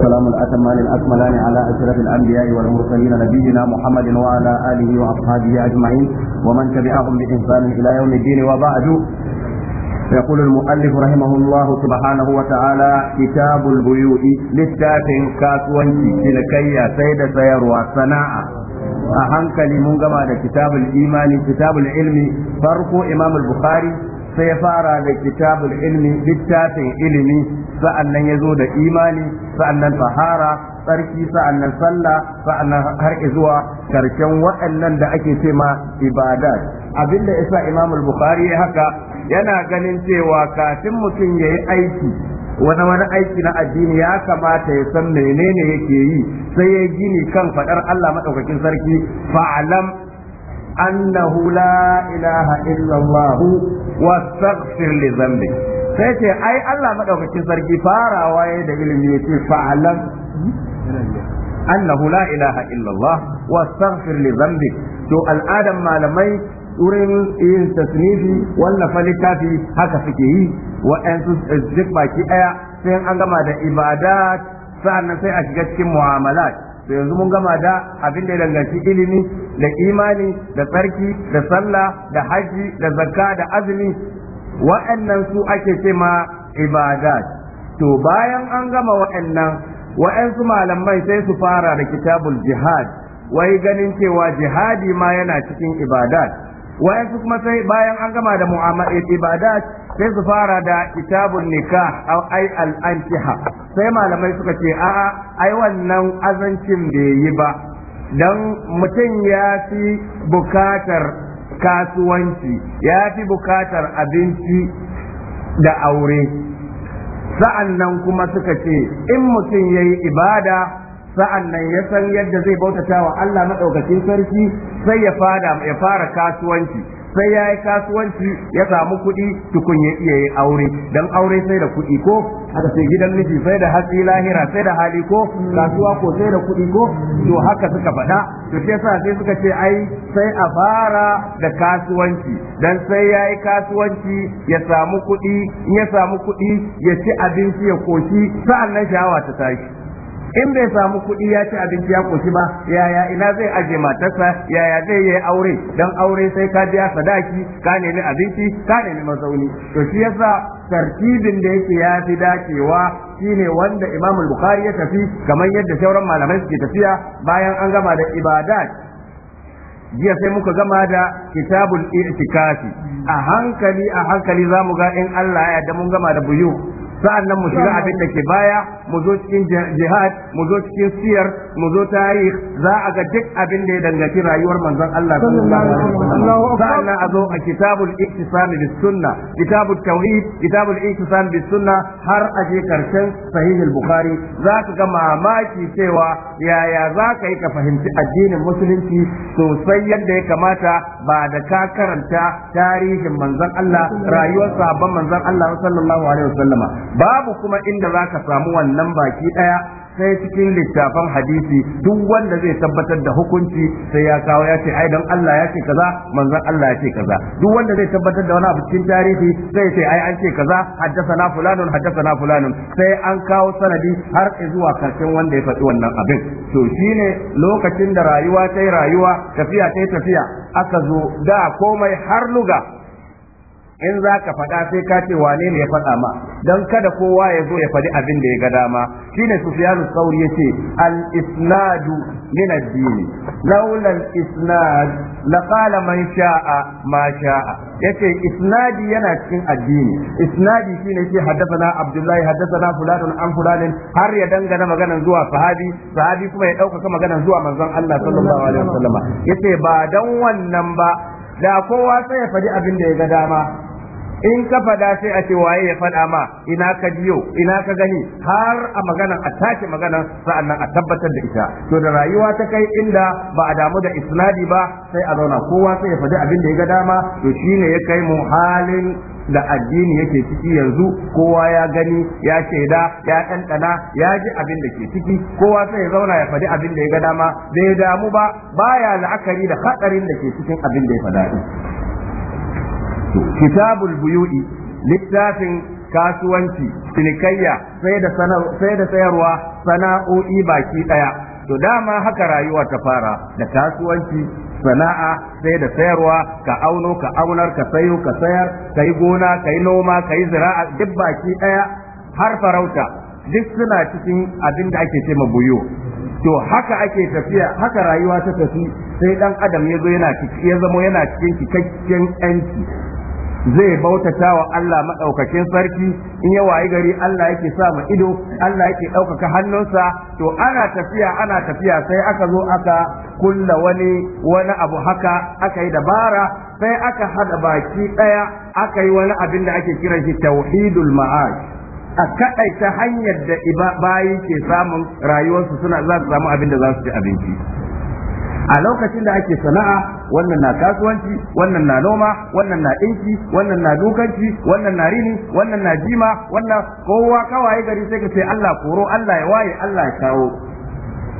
السلام الأتمان الأكملان على أشرف الأنبياء والمرسلين نبينا محمد وعلى آله وأصحابه أجمعين ومن تبعهم بإحسان إلى يوم الدين وبعد يقول المؤلف رحمه الله سبحانه وتعالى كتاب البيوء للتاف كاسوان تلكيا سيد سير وصناعة أهنك لمنقما كتاب الإيمان كتاب العلم فرق إمام البخاري sai ya fara da kitabul ilmi littafin ilimi sa'annan ya zo da imani sa'annan tahara tsarki sa'annan sallah sa'annan har zuwa karshen waɗannan da ake ce ma ibadat abinda yasa imam bukhari ya haka yana ganin cewa kafin mutum yayi aiki wani wani aiki na addini ya kamata ya san menene yake yi sai ya gini kan faɗar Allah madaukakin sarki fa'alam annahu la illallah wastaghfir li dhanbi sai ce ai Allah madaukakin sarki farawa yayin da ilimi yace fa'alam annahu la illallah wastaghfir li dhanbi to al'adam malamai wurin yin tasnifi wallafa littafi haka suke yi wa'ansu duk baki ɗaya sai an gama da ibada sa'annan sai a shiga cikin mu'amalat to yanzu mun gama da abin da ya danganci ilimi da imani da tsarki da sallah da haji da zakka da azumi wa'annan su ake ce ma ibadat to bayan an gama wa'annan wa'ansu malamai sai su fara da kitabul jihad wai ganin cewa jihadi ma yana cikin ibadat wa'ansu kuma sai bayan an gama da mu'amalat ibadat sai su fara da kitabun nikah ai al-ankiha sai malamai suka ce a'a ai wannan azancin bai yi ba don mutum ya fi bukatar kasuwanci ya fi bukatar abinci da aure sa'an nan kuma suka ce in mutum ya yi ibada sa'an nan ya san yadda zai bautata wa Allah maɗaukacin sarki sai ya fara kasuwanci sai ya yi kasuwanci ya samu kuɗi tukun ya iya yin aure don aure sai da kuɗi ko haka sai gidan miji sai da hatsi lahira sai da hali ko kasuwa ko sai da kuɗi ko to haka suka faɗa to sai sa sai suka ce ai sai a fara da kasuwanci don sai ya yi kasuwanci ya samu kuɗi in ya samu kuɗi ya ci abinci ya koshi sa'an nan shawa ta tashi in bai samu kuɗi ya ci abinci ya koshi ba yaya ina zai aje matarsa yaya zai yi aure don aure sai ka biya sadaki ka nemi abinci ka nemi mazauni to shi yasa tartibin da yake ya fi dacewa shine wanda imamul Bukhari ya tafi kamar yadda sauran malamai suke tafiya bayan an gama da ibadat jiya sai muka gama da kitabul i'tikafi a hankali a hankali mu ga in Allah ya da mun gama da buyu sa'annan mu shiga abin da ke baya mu zo cikin jihad mu zo cikin siyar mu zo tarih za a ga duk abin da ya dangaci rayuwar manzon Allah nan a zo a kitabul iktisam bis sunna kitabul tauhid kitabul iktisam bis sunna har a je karshen Sahihil bukhari za ka ga mamaki cewa yaya za ka yi ka fahimci addinin musulunci sosai yadda ya kamata ba da ka karanta tarihin manzon Allah rayuwar sahabban manzon Allah sallallahu alaihi wasallama babu kuma inda za ka samu wannan baki ɗaya sai cikin littafan hadisi duk wanda zai tabbatar da hukunci sai ya kawo ya ce ai dan Allah ya ce kaza manzon Allah ya ce kaza duk wanda zai tabbatar da wani abu cikin tarihi sai ce ai an ce kaza haddathana fulanun haddathana fulanun sai an kawo sanadi har zuwa karshen wanda ya faɗi wannan abin to shine lokacin da rayuwa ta rayuwa tafiya ta tafiya aka zo da komai har luga in za ka faɗa sai ka ce wane ne ya faɗa ma don kada kowa ya zo ya faɗi abin da ya ga dama shine sufyanu sauri yace al isnadu min ad-din laula al isnad la qala man sha'a ma sha'a yace isnadi yana cikin addini isnadi shine yake haddathana abdullahi haddathana fulanun an fulanin har ya dangana maganan zuwa sahabi sahabi kuma ya dauka maganan zuwa manzon Allah sallallahu alaihi wasallam yace ba dan wannan ba da kowa sai ya faɗi abin da ya ga dama in ka fada sai a ce waye ya fada ma ina ka jiyo ina ka gani har a magana a tace magana sa'annan a tabbatar da ita to da rayuwa ta kai inda ba a damu da isnadi ba sai a zauna kowa sai ya faɗi abin da ya ga dama to shine ya kai mu halin da addini yake ciki yanzu kowa ya gani ya shaida ya ɗanɗana ya ji abin da ke ciki kowa sai ya zauna ya faɗi abin da ya ga dama bai damu ba baya la'akari da hatsarin da ke cikin abin da ya faɗa kitabul buyu'i littafin kasuwanci cinikayya sai da sai da sayarwa sana'o'i baki daya to dama haka rayuwa ta fara da kasuwanci sana'a sai da sayarwa ka auno ka aunar ka sayo ka sayar ka yi gona ka yi noma ka yi zira'a duk baki daya har farauta duk suna cikin abin da ake ce buyo to haka ake tafiya haka rayuwa ta tafi sai dan adam ya yana ya zama yana cikin cikakken yanci zai bautata wa Allah maɗaukakin sarki in ya wayi gari Allah yake sa ma ido Allah yake ɗaukaka hannunsa to ana tafiya ana tafiya sai aka zo aka kulla wani wani abu haka aka yi dabara sai aka hada baki ɗaya aka yi wani abin da ake kiran shi tauhidul ma'ash a kaɗaita hanyar da bayi ke samun rayuwarsu suna za su samu abin da za su ci abinci a lokacin da ake sana'a wannan na kasuwanci wannan na noma wannan na ɗinki wannan na dukanci wannan na rini wannan na jima wannan kowa kawai gari sai ka ce Allah koro Allah ya waye Allah ya kawo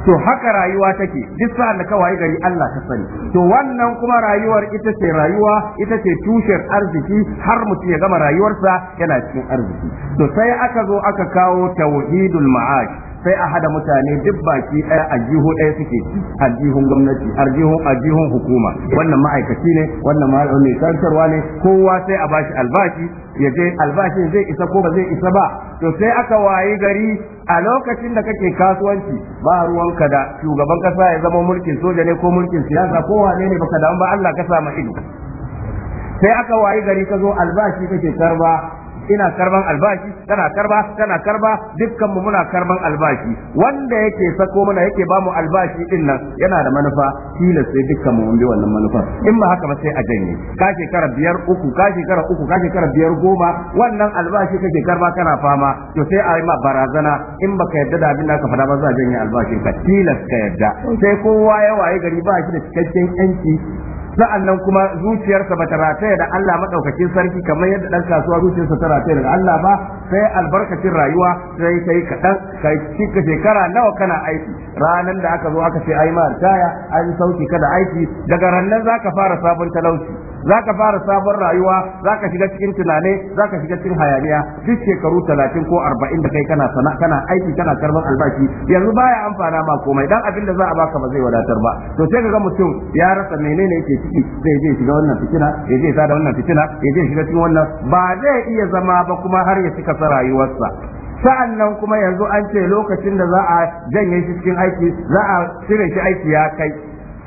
to haka rayuwa take duk sa'an da kawai gari Allah ta sani to wannan kuma rayuwar ita ce rayuwa ita ce tushen arziki har mutum ya gama rayuwarsa yana cikin arziki to sai aka zo aka kawo tauhidul ma'ash sai a hada mutane duk baki ɗaya jiho ɗaya suke aljihun gwamnati aljihun aljihun hukuma wannan ma'aikaci ne wannan ne tantarwa ne kowa sai a bashi albashi ya je albashin zai isa ko ba zai isa ba to sai aka wayi gari a lokacin da kake kasuwanci ba ruwanka da shugaban kasa ya zama mulkin soja ne ko mulkin siyasa ko wane ne baka damu ba Allah ka sa ido sai aka wayi gari ka zo albashi kake karba ina karban albashi tana karba tana karba dukkan mu muna karban albashi wanda yake sako mana yake bamu albashi din nan yana da manufa kila sai dukkan mu bi wannan manufa in ba haka ba sai a janye ka shekara biyar uku ka shekara uku ka shekara biyar goma wannan albashi kake karba kana fama to sai a yi ma barazana in ba ka yadda da abin da ka faɗa ba za a janye albashin ka tilas ka yadda sai kowa ya waye gari ba shi da cikakken yanci sa'annan kuma zuciyarsa ta rataya da Allah madaukakin sarki kamar yadda dan kasuwa zuciyarsa ta rataya da Allah ba sai albarkacin rayuwa sai kai kaɗan kai cika shekara nawa kana aiki ranan da aka zo aka ce ai ma ritaya an sauki kada aiki daga rannan ka fara sabon talauci Za ka fara sabon rayuwa za ka shiga cikin tunane ka shiga cikin hayaniya duk shekaru talatin ko arba'in da kai kana sana kana aiki kana karban albashi yanzu baya amfana ma komai dan abin da za a baka ba zai wadatar ba to sai ga mutum ya rasa menene yake ciki zai je shiga wannan fitina ya je sada wannan fitina ya je shiga cikin wannan ba zai iya zama ba kuma har ya cika rayuwarsa sa'an nan kuma yanzu an ce lokacin da za a janye shi cikin aiki za a cire shi aiki ya kai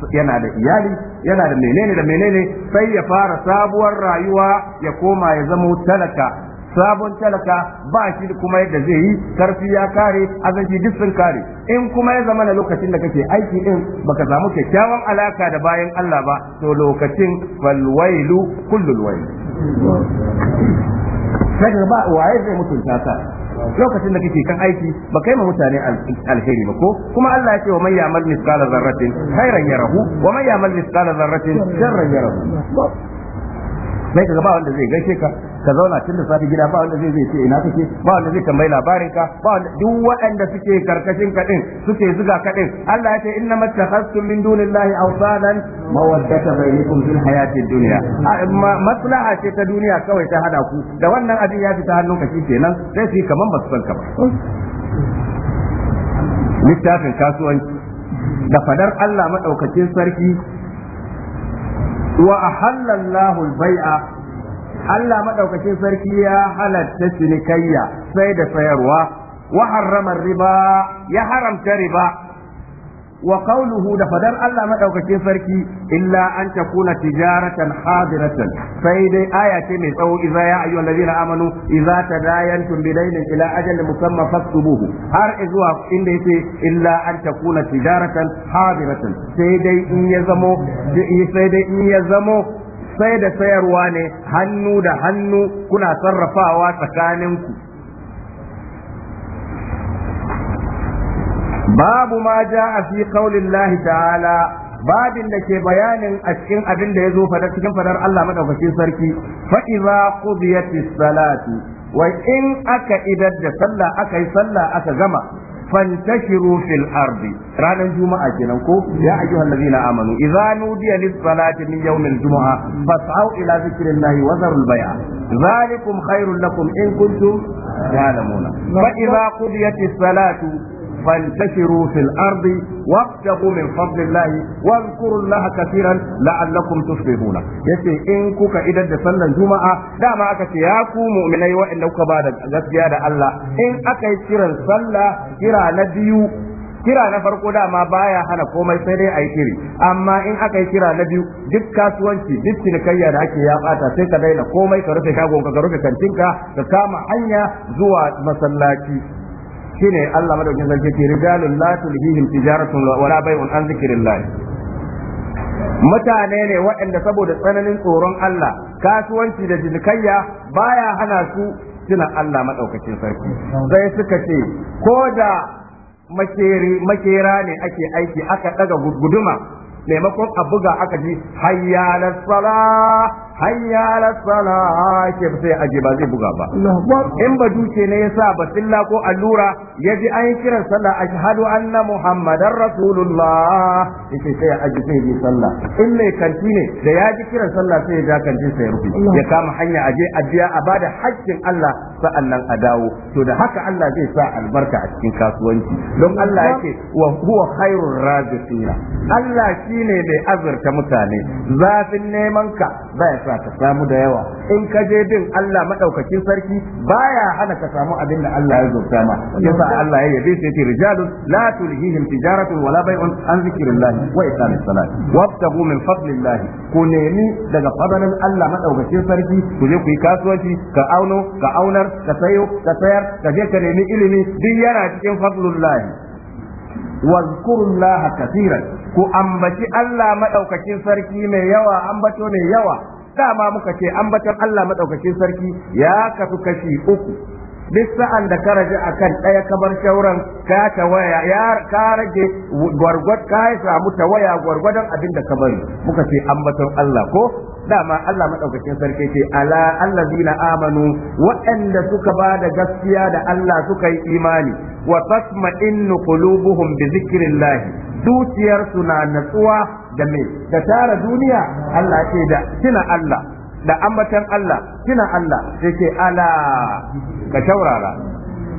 yana da iyali yana da menene da menene sai ya fara sabuwar rayuwa ya koma ya zama talaka sabon talaka ba shi kuma yadda zai yi karfi ya kare azanci duk sun kare in kuma ya zama na lokacin da kake aiki din baka samu kyakkyawan alaka da bayan Allah ba to lokacin falwailu kullul wail kaga ba waye zai mutunta ka lokacin da kake kan aiki ba kai ma mutane alheri ba ko kuma Allah ya ce wa man ya'mal mithqala dharratin khairan yarahu wa man ya'mal mithqala dharratin sharran yarahu sai kaga ba wanda zai gaishe ka ka zauna tun da safi gida ba wanda zai zai ce ina kake ba wanda zai tambayi labarin ka ba wanda duk waɗanda suke karkashin ka din suke zuga ka din Allah ya ce inna mattakhastum min dunillahi awsalan mawaddata bainakum fil hayatid dunya maslaha ce ta duniya kawai ta hada ku da wannan abin ya fita hannun ka kenan sai su yi kaman ba su san ka ba littafin kasuwanci da fadar Allah madaukakin sarki wa ahalla Allahu al-bai'a Allah madaukakin sarki ya halatta cinikayya sai da sayarwa wa harrama riba ya haramta riba wa qawluhu da fadar Allah madaukakin sarki illa an takuna tijaratan hadiratan sai dai aya ce mai tsawo idza ya ayyuhal ladina amanu idza tadayantum bidainin ila ajal musamma faktubuhu har zuwa inda yace illa an takuna tijaratan hadiratan sai dai in ya zamo sai dai in ya zamo sai da sayarwa ne hannu da hannu kuna sarrafawa tsakaninku babu ma jaa fi qaulillahi ta'ala babin da ke bayanin a cikin abin da ya zo fadar cikin fadar Allah madaukakin sarki fa idza qudiyatis salati wa in aka idar da sallah aka sallah aka gama fantashiru fil ardi ranar juma'a kenan ko ya ayyuhal ladina amanu idza nudiya lis salati min yawmil jumu'a fas'au ila zikrillahi wa dharul bai'a dhalikum khairul lakum in kuntum ta'lamuna fa idza qudiyatis salatu فانتشروا في الأرض وابتغوا من فضل الله واذكروا الله كثيرا لعلكم تفلحون يسي إن كوكا إذا دسلنا الجمعة دا ما أكت ياكو مؤمني وإن لو كبادة غسيادة الله إن أكي كيرا صلى كيرا نديو kira na farko dama baya hana komai sai dai ayi kiri amma in aka yi kira na biyu duk kasuwanci duk cinikayya da ake ya bata sai ka daina komai ka rufe shagon ka rufe kantinka ka kama hanya zuwa masallaci shine Allah madaukin sarki ke rijalul la tulhihim tijaratun la bai'un an zikrillah mutane ne waɗanda saboda tsananin tsoron Allah kasuwanci da jinikayya baya hana su tuna Allah madaukakin sarki sai suka ce ko da makera ne ake aiki aka daga guduma maimakon a buga aka ji hayya sala hanya ala sala ke sai aje ba zai buga ba in ba duke ne yasa basilla ko allura yaji an yi kiran sallah ashhadu anna muhammadar rasulullah yake sai aje sai yi sallah in mai kanti ne da ya ji kiran sallah sai ya kanti sai ya rufe ya kama hanya aje ajiya a bada haƙƙin Allah sa'annan a dawo to da haka Allah zai sa albarka a cikin kasuwanci don Allah yake wa huwa khairur raziqina Allah shine mai azurta mutane zafin neman ka baya sa ka samu da yawa in ka je bin Allah madaukakin sarki baya hana ka samu abin da Allah ya zurta ma yasa Allah ya yabe sai ce rijalun la tulhihim tijaratun wala bai'un an zikrillah wa iqamis salat wabtagu min fadlillah ku nemi daga fadlan Allah madaukakin sarki ku je ku yi kasuwanci ka auno ka aunar ka sayo ka sayar ka je ka nemi ilimi duk yana cikin fadlullah واذكروا الله كثيرا ku ambaci Allah madaukakin sarki mai yawa ambato mai yawa dama muka ce ambaton Allah madaukakin sarki ya kafi kashi uku duk sa'an da ka rage akan ɗaya kamar shauran ka ta ya ka rage gwargwad ka ya samu ta waya gwargwadon abin da ka bari muka ce ambaton Allah ko dama Allah madaukakin sarki ce ala allazina amanu waɗanda suka ba da gaskiya da Allah suka yi imani wa tasma'innu qulubuhum bi zikrillah zuciyarsu na natsuwa da me da tara duniya Allah ce da tuna Allah da ambatan Allah kina Allah sai ce ala ka taurara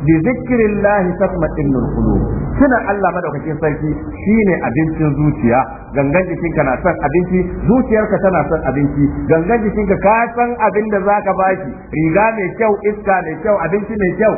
bi zikrillah tatma'innul qulub kina Allah madaukakin sarki shine abincin zuciya gangan jikinka na son abinci zuciyarka tana son abinci gangan jikinka ka san abin da zaka bashi riga mai kyau iska mai kyau abinci mai kyau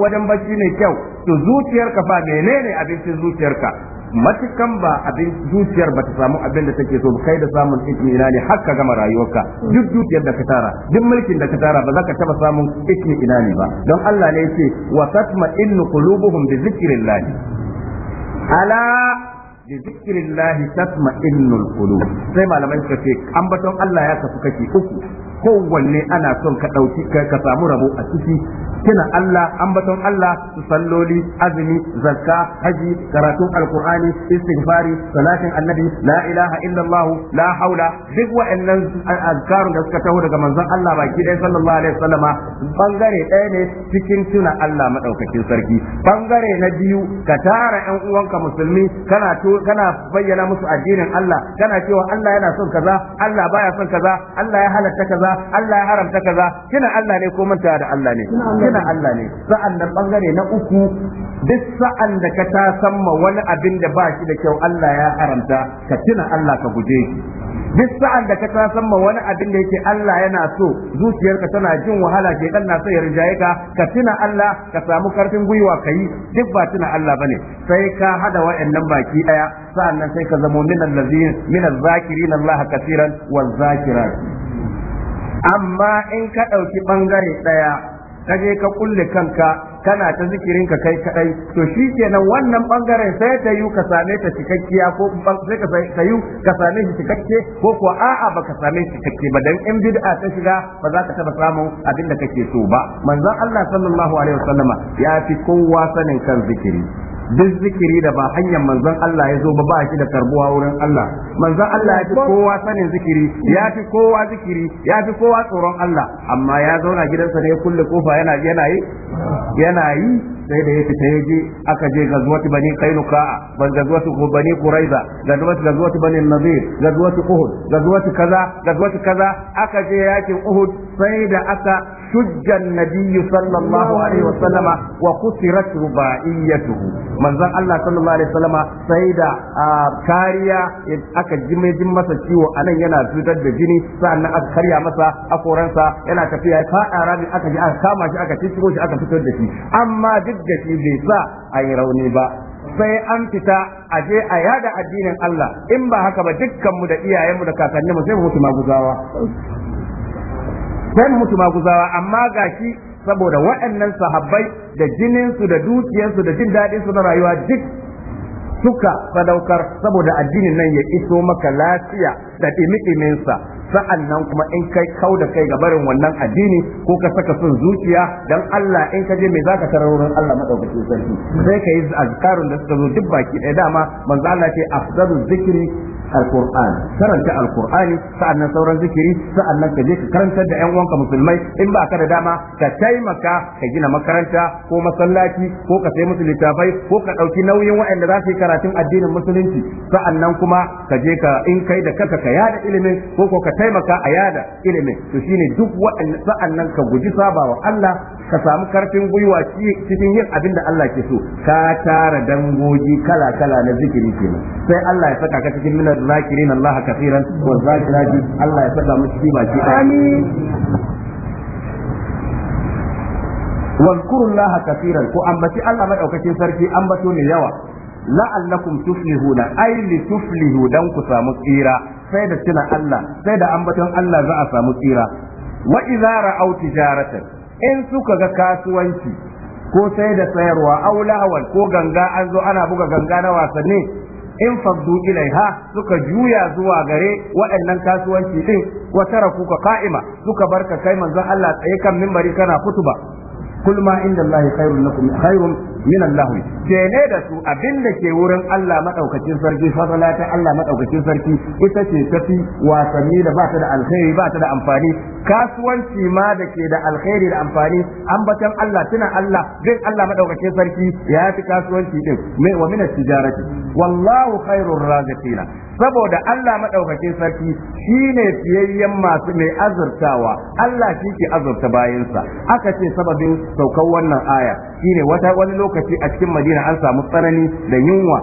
wajen bacci mai kyau to zuciyarka fa menene abincin zuciyarka matukan ba abin zuciyar ba ta samu abin da take so kai da samun itminani har ka gama rayuwarka duk dukiyar da ka tara duk mulkin da ka tara ba za ka taba samun itminani ba don Allah ne yake wa tatma innu qulubuhum bi zikrillah ala bi zikrillahi tatma'innul qulub sai malamai suka ce ambaton Allah ya tafi kaki uku kowanne ana son ka dauki ka samu rabo a ciki kina Allah ambaton Allah su salloli azumi zakka haji karatun alqur'ani istighfari salatin annabi la ilaha illallah la haula duk wa'annan azkarun da suka taho daga manzon Allah baki ɗaya sallallahu alaihi wasallama bangare ɗaya ne cikin tuna Allah madaukakin sarki bangare na biyu ka tara ƴan uwanka musulmi kana to kana bayyana musu addinin Allah kana cewa Allah yana son kaza Allah baya son kaza Allah ya halatta kaza Allah ya haramta kaza kina Allah ne ko manta da Allah ne kina Allah ne sa'an nan bangare na uku duk sa'an da ka ta samma wani abin da ba shi da kyau Allah ya haramta ka tuna Allah ka guje shi duk sa'an da ka ta ma wani abin da yake Allah yana so zuciyarka tana jin wahala ke dan na sai rijaye ka ka tuna Allah ka samu karfin gwiwa kai duk ba tuna Allah bane sai ka hada wa'annan baki daya nan sai ka zamo min allazin min azzakirin Allah kaseeran wal zakirat amma in ka dauki bangare daya kaje ka kulle kanka kana ta zikirin ka kai kadai to shi kenan wannan bangaren sai ta yi ka same ta cikakkiya ko sai ka ta yi ka same shi cikakke ko ko a'a baka same shi cikakke ba dan in bid'a ta shiga ba za ka taba samun abin da kake so ba manzon Allah sallallahu alaihi wasallama ya fi kowa sanin kan zikiri duk zikiri da ba hanyar manzon Allah ya zo ba ba shi da karbuwa wurin Allah manzon Allah ya fi kowa sanin zikiri ya fi kowa zikiri ya fi kowa tsoron Allah amma ya zauna gidansa ne kulle kofa yana yana yi yana yi sai da ya fita ya je aka je ga zuwa bani kainuka ban ga zuwa gazuwatu bani quraiza ga zuwa ga zuwa bani nabir ga zuwa uhud ga zuwa kaza ga zuwa kaza aka je yakin uhud sai da aka شج النبي صلى الله عليه وسلم وخسرت رباعيته من ذا الله صلى الله عليه وسلم سيدا كاريا aka jime jin masa ciwo a nan yana cutar da jini sa'annan aka karya masa akoransa yana tafiya ya faɗa aka ji aka kama shi aka cicciro shi aka fitar da shi amma duk da shi bai sa a yi rauni ba sai an fita a je a yada addinin Allah in ba haka ba dukkan mu da iyayen mu da kakanni mu sai mu mutu maguzawa sai mutu maguzawa amma gashi saboda waɗannan sahabbai da jininsu da dukiyarsu da jin daɗinsu na rayuwa duk suka sadaukar saboda addinin nan ya iso maka lafiya da ɗimi sa'annan kuma in kai kau da kai ga barin wannan addini ko ka saka sun zuciya don Allah in ka je me ka tarar wurin Allah maɗaukacin sarki sai ka yi azkarun da suka zo duk baki ɗaya dama manzo Allah ce afdalu zikri alquran karanta alqurani sa'annan sauran zikiri sa'annan ka je ka karantar da yan uwanka musulmai in ba ka da dama ka taimaka ka gina makaranta ko masallaci ko ka sai musu littafai ko ka ɗauki nauyin waɗanda za su yi karatun addinin musulunci sa'annan kuma ka je ka in kai da kanka ka yada ilimin ko ko ka taimaka a yada ilimin to shine duk sa'an sa'annan ka guji sabawa Allah ka samu karfin gwiwa cikin yin abin da Allah ke so ka tara dangogi kala kala na zikiri kenan sai Allah ya saka ka cikin minar zakirin Allah kafiran wa zakirati Allah ya saka mu cikin baki amin wa zkurullaha kafiran ko ambaci Allah madaukakin sarki ambato ne yawa la'allakum tuflihuna na li tuflihu dan ku samu tsira sai da tuna Allah sai da ambaton Allah za a samu tsira wa idza ra'aw tijaratan in suka ga kasuwanci ko sai da sayarwa aw lahawal ko ganga an zo ana buga ganga na wasanni in faddu ilaiha suka juya zuwa gare waɗannan kasuwanci din wa ka qa'ima suka barka kai manzon Allah tsaye kan minbari kana kutuba kul ma inda Allah khairun lakum khairun min Allah ne da su abinda ke wurin Allah madaukakin sarki fadala ta Allah madaukakin sarki ita ce tafi wasanni da ba ta da alkhairi ba ta da amfani kasuwanci ma da ke da alkhairi da amfani ambatan Allah tuna Allah bin Allah madaukakin sarki ya fi kasuwanci din mai wa min tijarati wallahu khairur raziqin saboda Allah madaukakin sarki shine fiyayyen masu mai azurtawa Allah shi ke azurta bayansa aka ce sababin saukar wannan aya shine wata wani lokaci a cikin madina an samu tsanani da yunwa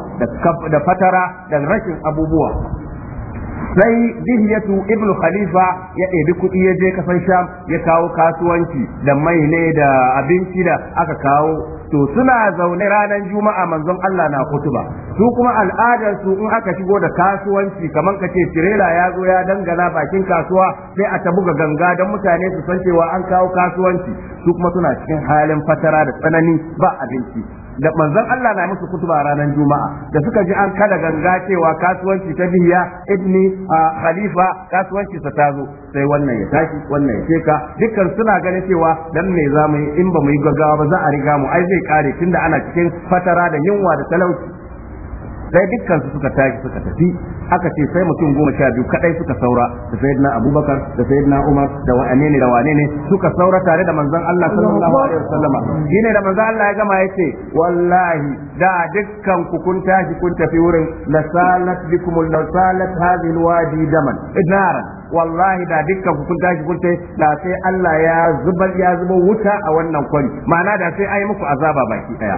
da fatara da rashin abubuwa sai dihiyatu ibnu khalifa ya ɗebi kuɗi ya je kasan sham ya kawo kasuwanci da mai ne da abinci da aka kawo to suna zaune ranar juma'a manzon Allah na kutuba su kuma al'adar su in aka shigo da kasuwanci kamar ka ce tirela ya zo ya dangana bakin kasuwa sai a ta buga ganga don mutane su san cewa an kawo kasuwanci su kuma suna cikin halin fatara da tsanani ba abinci da manzon Allah na musu kutuba ranar juma'a da suka ji an kada ganga cewa kasuwanci ta biya ibni khalifa kasuwanci sa ta zo sai wannan ya tashi wannan ya sheka dukkan suna ganin cewa dan me za mu yi in ba mu yi gaggawa ba za a riga mu ai zai kare tunda ana cikin fatara da yunwa da talauci sai dukkan su suka tashi suka tafi aka ce sai mutum goma sha biyu kadai suka saura da sayyidina abubakar da sayyidina umar da wane ne da wane ne suka saura tare da manzon Allah sallallahu alaihi wasallam shine da manzon Allah ya gama yace wallahi da dukkan ku kun tashi kun tafi wurin la salat bikumul la salat hadhihi alwadi daman idaran wallahi da dukkan ku kun tashi da sai Allah ya zubar ya zuba wuta a wannan kwari ma'ana da sai yi muku azaba baki daya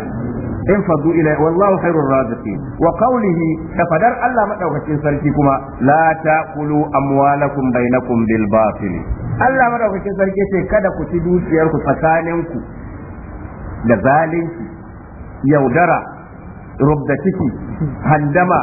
in fadu ila wallahu khairur raziqin wa qawlihi da fadar Allah madaukakin sarki kuma la taqulu amwalakum bainakum bil batil Allah madaukakin sarki ce kada ku ci dukiyar ku tsakaninku da zalunci yaudara rubda ciki handama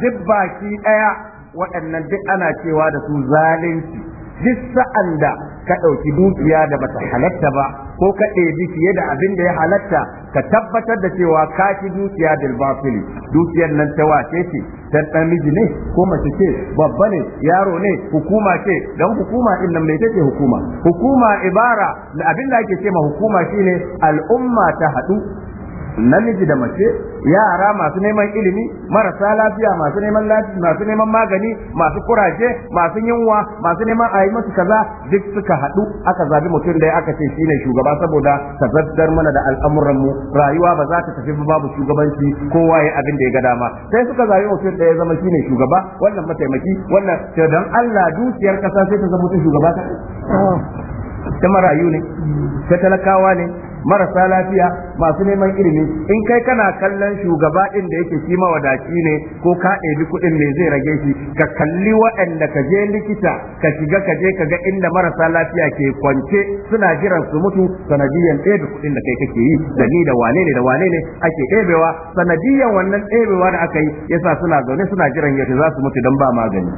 duk baki daya waɗannan duk ana cewa da su zalunci duk sa'an da ka ɗauki dukiya da bata halatta ba ko ka ɗebi fiye da abin da ya halatta ka tabbatar da cewa ka ci dukiya da bafili dukiyar nan ta wace ce ta namiji ne ko mace ce babba ne yaro ne hukuma ce don hukuma din nan mai ce hukuma hukuma ibara da abin da ake ce ma hukuma shine al'umma ta haɗu namiji da mace yara masu neman ilimi marasa lafiya masu neman lafiya masu neman magani masu kuraje masu yunwa masu neman a yi musu kaza duk suka haɗu aka zabi mutum da aka ce shine shugaba saboda tazaddar mana da al'amuran mu rayuwa ba za ta tafi ba babu shugabanci kowa ya abin da ya ga dama sai suka zabi mutum da ya zama shine shugaba wannan mataimaki wannan dan Allah dukiyar kasa sai ta zama mutum shugaba ta marayu ne ta talakawa ne marasa lafiya masu neman ilimi in kai kana kallon shugaba ɗin da yake shi mawadaci ne ko ka ɗebi kuɗin ne zai rage shi ka kalli waɗanda ka je likita ka shiga ka je ka ga inda marasa lafiya ke kwance suna jiran su mutu sanadiyan ɗebe kuɗin da kai kake yi da ni da wane ne da wane ne ake ɗebewa sanadiyan wannan ɗebewa da aka yi yasa suna zaune suna jiran yadda za su mutu don ba magani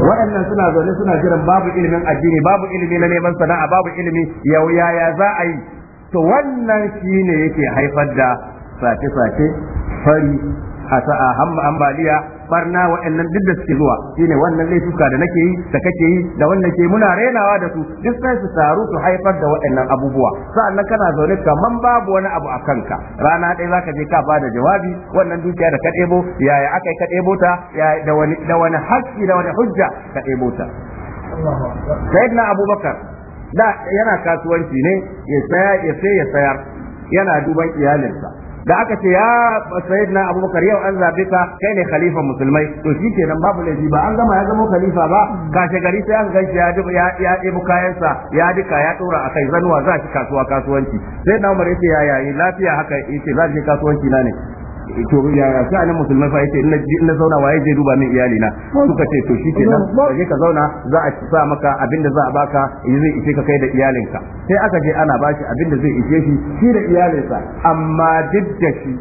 waɗannan suna zaune suna jiran babu ilimin addini babu ilimi na neman sana'a babu ilimi yau yaya za a yi to wannan shi ne yake haifar da sace-sace fari a ah, hamma ambaliya barna waɗannan duk da suke zuwa ne wannan laifuka da nake yi da kake yi da wannan ke muna renawa da su duk sai su taru su haifar da waɗannan abubuwa sa'annan kana zaune kamar babu wani abu a kanka rana ɗaya zaka je ka bada jawabi wannan dukiya da kaɗebo, yaya aka yi ka ɗebo ta da wani da haƙƙi da wani hujja ka ɗebo ta sayyidina abubakar da yana kasuwanci ne ya saya ya sai ya sayar yana duban iyalinsa da aka ce ya na abubakar yau an zabe ka kai ne khalifan musulmai to shi kenan babu laifi ba an gama ya zama khalifa ba kashe gari sai aka ganshi ya ya ya ibu kayansa ya dika ya dora a kai zanuwa za shi kasuwa kasuwanci sai na umar yace ya yayi lafiya haka yace za shi kasuwanci na ne to ya sha'anin musulmai fa yace in na zauna waye zai duba min iyali na suka ce to shikenan kaje ka zauna za a sa maka abinda za a baka zai ishe ka kai da iyalinka sai aka je ana bashi abinda zai ishe shi shi da iyalinsa amma duk da shi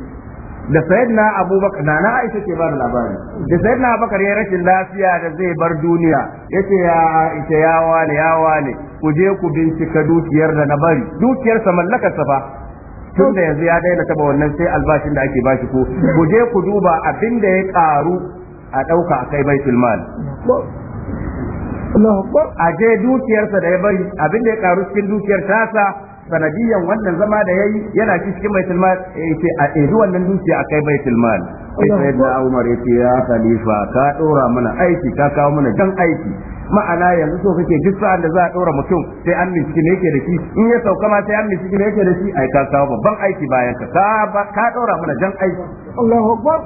da sayyidina abubakar na aisha ke ba da labari da sayyidina abubakar ya rashin lafiya da zai bar duniya yace ya aisha ya ne ya ne ku je ku bincika dukiyar da na bari dukiyar sa mallakar sa tun da yanzu ya daina taba wannan sai albashin da ake ba shi ko ku je ku duba abin da ya karu a ɗauka a kai baitul mal a je dukiyarsa da ya bari abin da ya karu cikin dukiyar tasa sanadiyan wannan zama da yayi yana cikin baitul mal yace a ɗebi wannan dukiya a kai baitul mal sai da Umar yace ya khalifa ka dora mana aiki ka kawo mana dan aiki ma'ana yanzu so kake duk sa'an da za a ɗora mutum sai an bincike ne yake da shi in ya sauka ma sai an bincike ne yake da shi ai ka kawo babban aiki bayan ka ka ɗora mana jan aiki Allahu Akbar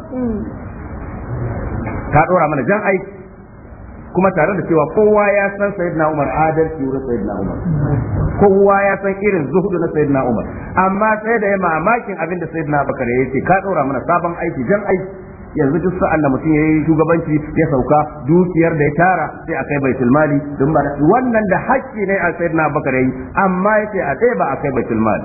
ka ɗora mana jan aiki kuma tare da cewa kowa ya san sayyidina Umar adalci wurin sayyidina Umar kowa ya san irin zuhudu na sayyidina Umar amma sai da ya mamakin abin da sayyidina Bakar ya ce ka ɗora mana sabon aiki jan aiki yanzu duk sa'an da mutum yi shugabanci ya sauka dukiyar da ya tara sai akai baitul mali don ba wannan da haƙƙi ne a sayyidina Abubakar yayi amma yace a sai ba akai baitul mali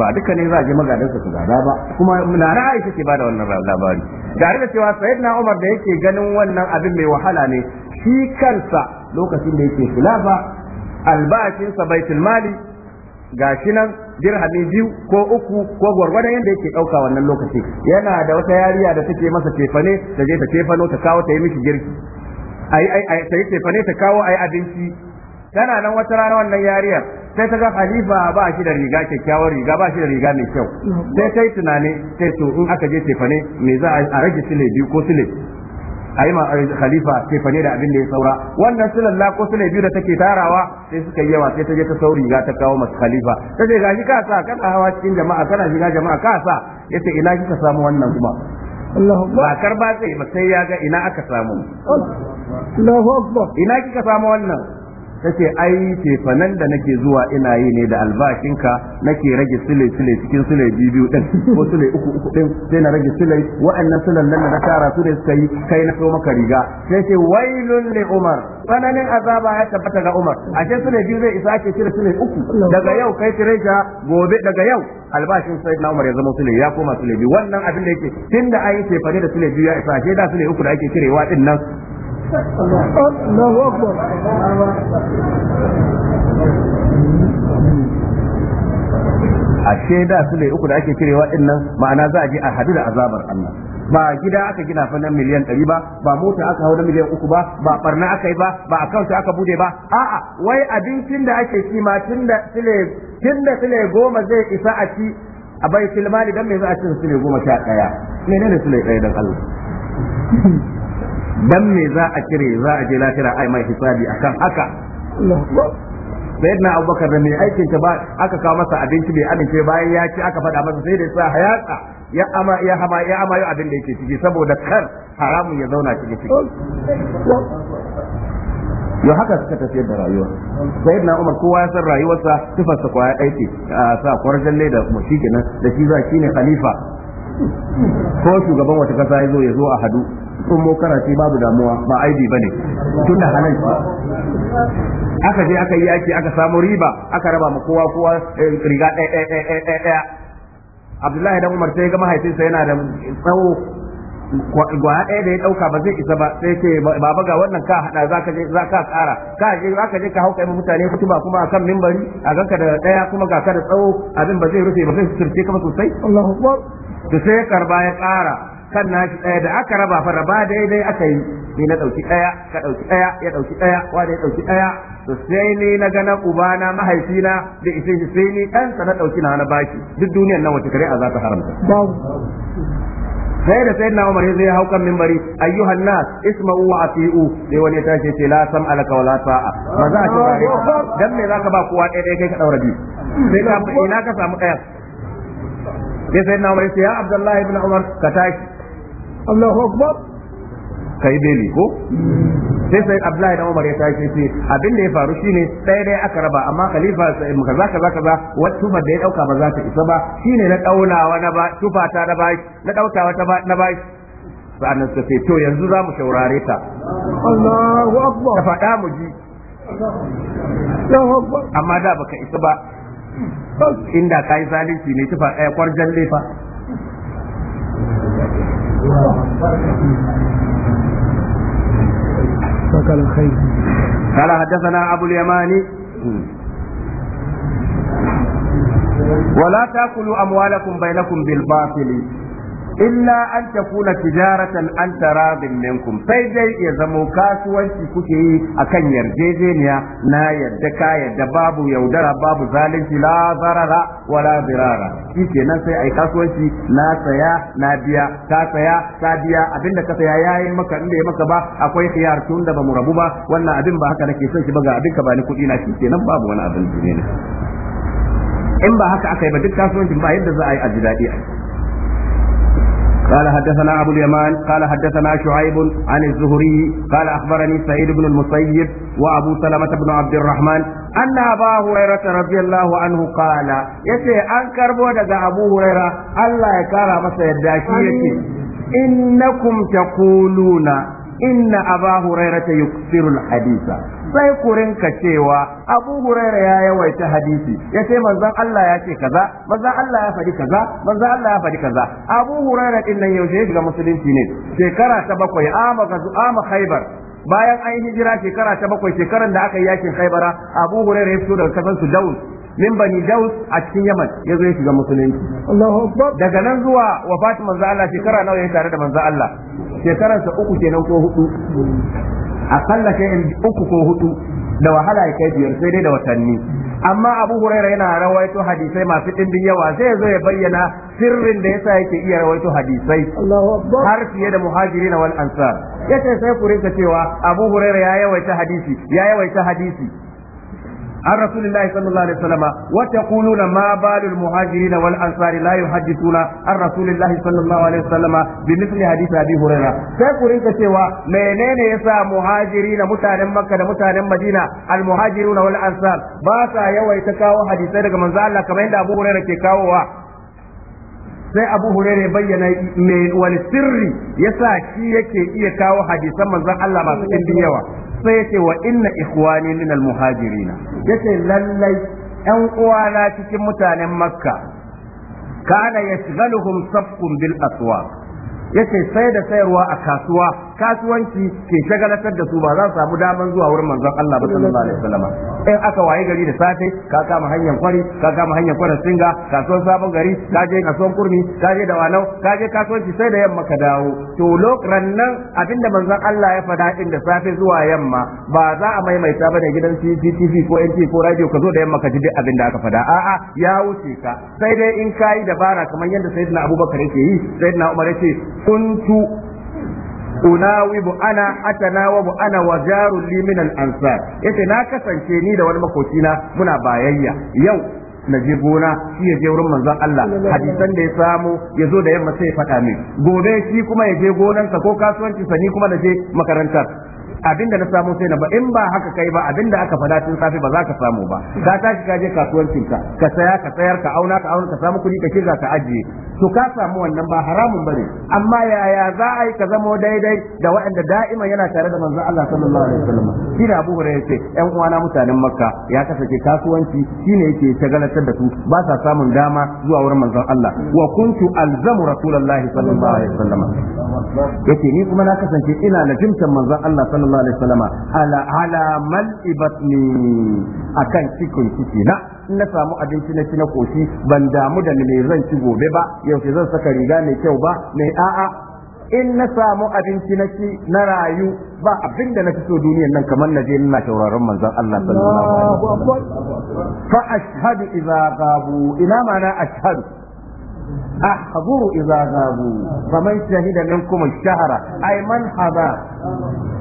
ba duka ne za a je magadansa su gada ba kuma na Aisha ce ba da wannan labari tare da cewa sayyidina Umar da yake ganin wannan abin mai wahala ne shi kansa lokacin da yake albashin albashinsa bai mali gashi nan dirhami biyu ko uku ko gwargwadon yadda yake ɗauka wannan lokaci yana da wata yariya da take masa tefane da je ta tefano ta kawo ta yi miki girki ai ai ta yi tefane ta kawo ai abinci tana nan wata rana wannan yariyar sai ta ga halifa ba shi da riga kyakkyawar riga ba shi da riga mai kyau sai ta yi tunani sai to in aka je tefane me za a rage sile biyu ko sile a ma khalifa ce fane da abin da ya saura wannan la ko sunan biyu da take tarawa sai suka yi yawa sai ta je ta sauri ga ta kawo masa khalifa ta ce shi ka sa kana hawa cikin jama'a kana shiga jama'a ka sa yace ina kika samu wannan kuma ba karba sai ba sai ya ga ina aka samu Allahu akbar ina kika samu wannan tace ai cefanen da nake zuwa ina yi ne da albashinka nake rage sile sile cikin sile biyu din ko sile uku uku din sai na rage sile wa'annan sulan nan na tara su ne suka yi kai na so maka riga sai ce wailun li umar tsananin azaba ya tabbata ga umar ashe sile biyu zai isa ake cire sile uku daga yau kai cire gobe daga yau albashin sai na umar ya zama sile ya koma sile biyu wannan abin da yake tunda ai yi cefane da sile biyu ya isa ke da sile uku da ake cirewa din nan Allahu akbar a shaida su ne uku da ake cirewa din nan ma'ana za a je a hadu da azabar Allah ba gida aka gina fa na miliyan ɗari ba ba mota aka hau na miliyan uku ba ba barna aka yi ba ba akauta aka bude ba a'a wai abincin da ake ci ma tunda sile goma zai isa a ci a bai filmali dan me za a cin sile goma sha ɗaya menene sile ɗaya dan Allah dan me za a kire za a je lafira ai mai hisabi akan haka sayyidina abubakar da mai aikin ka ba aka kawo masa abinci bai amince bayan ya ci aka faɗa masa sai da sa hayaka ya ama ya hama ya ama abin da yake ciki saboda kar haramun ya zauna ciki ciki yo haka suka tafi da rayuwa sai na umar kowa ya san rayuwarsa sifarsa kwaya aiki sa kwarjan da mu kenan da shi za shine khalifa ko shugaban wata kasa ya zo ya zo a hadu tsummo karace babu damuwa ba aibi ba ne tun da halal aka je aka yi aiki aka samu riba aka raba ma kowa kowa eh, riga ɗaya Abdullahi dan Umar sai ga mahaifinsa yana da tsawo gwaya ɗaya da ya ɗauka ba zai isa ba sai ce baba ga wannan ka hada za ka je za ka ƙara ka je za ka je ka hauka mutane kutuba kuma akan mimbari a ganka da ɗaya kuma ga ka da tsawo abin ba zai rufe ba zai sirce kama sosai Allahu Akbar sai karba ya tsara. kan nashi ɗaya da aka raba fa raba daidai aka yi ni na ɗauki ɗaya ka ɗauki ɗaya ya ɗauki ɗaya da ya ɗauki ɗaya to sai ni na ga na ubana mahaifina da ishe shi sai ni ɗansa na ɗauki na na baki duk duniyar nan wace kare a za ta haramta sai da na Umar ya zai hau kan minbari ayyuhan nas isma'u wa ati'u sai wani tashi ce la sam alaka wala ta'a ba za a bare dan me zaka ba kowa ɗaya ɗaya kai ka daura biyu sai ka ina ka samu ɗaya sai Umar ya Abdullahi ibn Umar ka tashi Allahu akbar kai ne ko sai sai Abdullahi da Umar ya tashi ce abin da ya faru shine sai dai aka raba amma khalifa sai mu kaza kaza kaza wato ba da ya dauka ba za ta isa ba shine na daulawa na ba tufa ta da ba na daukawa ta ba na ba annabi sai ce to yanzu za mu shaurare ta Allahu akbar ka faɗa mu ji amma da baka isa ba inda kai zalunci ne tufa ɗaya kwarjan lefa قال حدثنا أبو اليماني ولا تأكلوا أموالكم بينكم بالباطل illa an takuna tijaratan an tarabin minkum sai dai ya zama kasuwanci kuke yi akan yarjejeniya na yadda ka yadda babu yaudara babu zalunci la zarara wala zirara shi nan sai ai kasuwanci na saya na biya ka saya ka biya abinda ka saya yayin maka inda ya maka ba akwai khiyar tun da bamu rabu ba wannan abin ba haka nake son shi ba ga abin ka bani kuɗi na shi nan babu wani abin ne in ba haka aka yi ba duk kasuwancin ba yadda za a yi a ji daɗi قال حدثنا أبو اليمان قال حدثنا شعيب عن الزهري قال أخبرني سعيد بن المسيب وأبو سلمة بن عبد الرحمن أن أبا هريرة رضي الله عنه قال يتي أنكر بودك أبو هريرة الله يكارى مسيد داشيتي إنكم تقولون إن أبا هريرة يكثر الحديث sai ku rinka cewa Abu Huraira ya yawaita hadisi ya ce manzon Allah ya ce kaza manzon Allah ya faɗi kaza manzon Allah ya faɗi kaza Abu Huraira din nan yaushe ya shiga musulunci ne shekara ta bakwai ama gazu ama Khaibar bayan an hijira shekara ta bakwai shekaran da aka yi yakin Khaibara Abu Huraira ya fito daga kasan Sudan min bani daus a cikin yaman ya zo ya shiga musulunci daga nan zuwa wafatin manzon Allah shekara nawa ya tare da manzon Allah Shekararsa uku kenan ko hudu akalla sai in uku ko hudu da wahala ya kai biyar sai dai da watanni amma abu huraira yana rawaito hadisai masu dindin yawa zai zo ya bayyana sirrin da yasa yake iya rawaito hadisai har fiye da muhajirin wal ansar yace sai ku rinka cewa abu huraira ya yawaita hadisi ya yawaita hadisi عن رسول الله صلى الله عليه وسلم وتقولون ما بال المهاجرين والانصار لا يحدثون عن رسول الله صلى الله عليه وسلم بمثل حديث ابي هريره sai ku rinka cewa menene yasa muhajiri na mutanen makka da mutanen madina almuhajiruna wal ansar ba sa yawaita kawo hadisai daga manzo kamar yadda ke kawowa sai abu hurere bayyana mai wani sirri yasa shi yake iya kawo hadisan manzon Allah masu ɗimbin yawa sai yace wa inna ikhwani min almuhajirina yace lallai yan uwana cikin mutanen makka kana yashghaluhum safqun bil aswaq yace sai da sayarwa a kasuwa kasuwanci ke shagalatar da su ba za su samu daman zuwa wurin manzon Allah ba sallallahu alaihi wasallam in aka waye gari da safe ka kama hanyar kwari ka kama hanyar kwarin singa kasuwar sabon gari ka je kasuwar kurmi ka je walau ka je kasuwanci sai da yamma ka dawo to lokran nan abinda manzon Allah ya fada din da safe zuwa yamma ba za a maimaita ba da gidan CCTV ko NTV ko radio ka zo da yamma ka ji duk abinda aka faɗa a'a ya wuce ka sai dai in kayi dabara kamar yadda sayyidina Abubakar yake yi sayyidina Umar yake kuntu bu ana bu ana wa jarul li min al ansar yace na kasance ni da wani makocina muna bayayya yau na je gona shi ya je wurin manzon Allah hadisan da ya samu ya zo da yamma sai ya faɗa min gobe shi kuma ya je gonansa ko kasuwancinsa ni kuma na je makarantar abinda na samu sai na ba in ba haka kai ba abinda aka fada tun safe ba za ka samu ba ka tashi ka je kasuwancin ka ka saya ka sayar ka auna ka auna ka samu kuɗi ka kira ka ajiye to ka samu wannan ba haramun bane amma yaya za a yi ka zama daidai da waɗanda da'ima yana tare da manzon Allah sallallahu alaihi wasallam shi da Abu Hurairah ce ƴan uwana mutanen Makka ya kasance kasuwanci shine yake shagalatar da su ba sa samun dama zuwa wurin manzon Allah wa kuntu alzamu rasulullahi sallallahu alaihi wasallam yake ni kuma na kasance ina najimtan manzon Allah sallallahu sallallahu alaihi wasallam ala ala mal ibatni akan cikin ciki na na samu abinci na ci na koshi ban damu da me zan ci gobe ba yaushe zan saka riga mai kyau ba mai a'a in na samu abinci na ci na rayu ba abinda na fi so duniyar nan kamar na je ina tauraron manzon Allah sallallahu alaihi wasallam fa ashhadu idza gabu ina mana ashhadu احضروا اذا غابوا فمن شهد منكم الشهر اي من حضر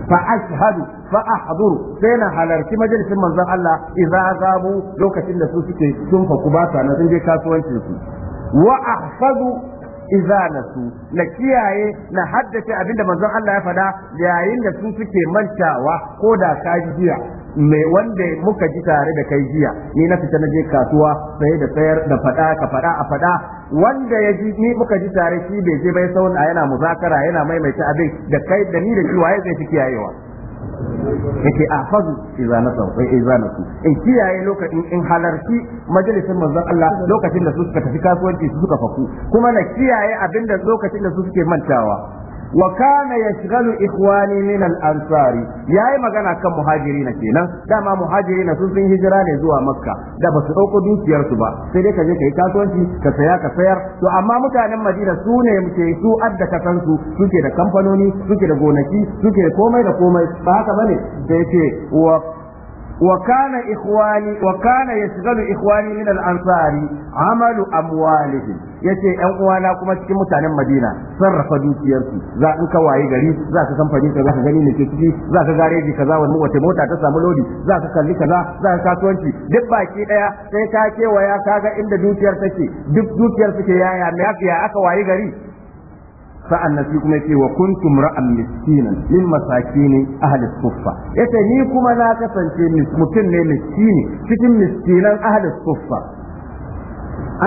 فاشهد فاحضر سينا halarci majalisin manzan Allah idza gabu lokacin da su suke sun faku ba sa na sun je kasuwancin su wa ahfadu idza nasu na kiyaye na haddace abinda manzon Allah ya fada yayin da su suke mantawa ko da ka jiya mai wanda muka ji tare da kai jiya ni na fita na je kasuwa sai da sayar da fada ka fada a fada wanda ya ji ni muka ji tare shi bai je bai sauna yana muzakara yana maimaita abin da kai da ni da shi waye zai fi kiyayewa yake a ah, fazu izana eh, na su in kiyaye lokacin in halarci majalisin manzon Allah lokacin da su suka tafi kasuwanci su suka faku kuma na kiyaye abinda lokacin da su suke mantawa wa kana yashghalu ikhwani min al-ansari yayi magana kan muhajirina kenan dama muhajirina sun sun hijira ne zuwa makka da ba su dauko dukiyar su ba sai dai ka je kai kasuwanci ka saya ka sayar to amma mutanen madina su ne muke su adda kasan su suke da kamfanoni suke da gonaki suke da komai da komai ba haka bane sai ce wa وكان إخواني وكان يشغل إخواني من الأنصار عمل أموالهم yace ƴan uwana kuma cikin mutanen Madina sarrafa dukiyarsu za in ka waye gari za ka kamfani ka za ka gani ne ke ciki za ka gareji kaza wani wace mota ta samu lodi za ka kalli kaza za ka kasuwanci duk baki daya sai ka kewaya ka ga inda dukiyar take duk dukiyar suke yaya me ya aka waye gari sa'an nan sai kuma ke wa kuntum ra'an miskinan min ne ahalis kuffa yace ni kuma na kasance mutum ne miskini cikin miskinan ahli suffa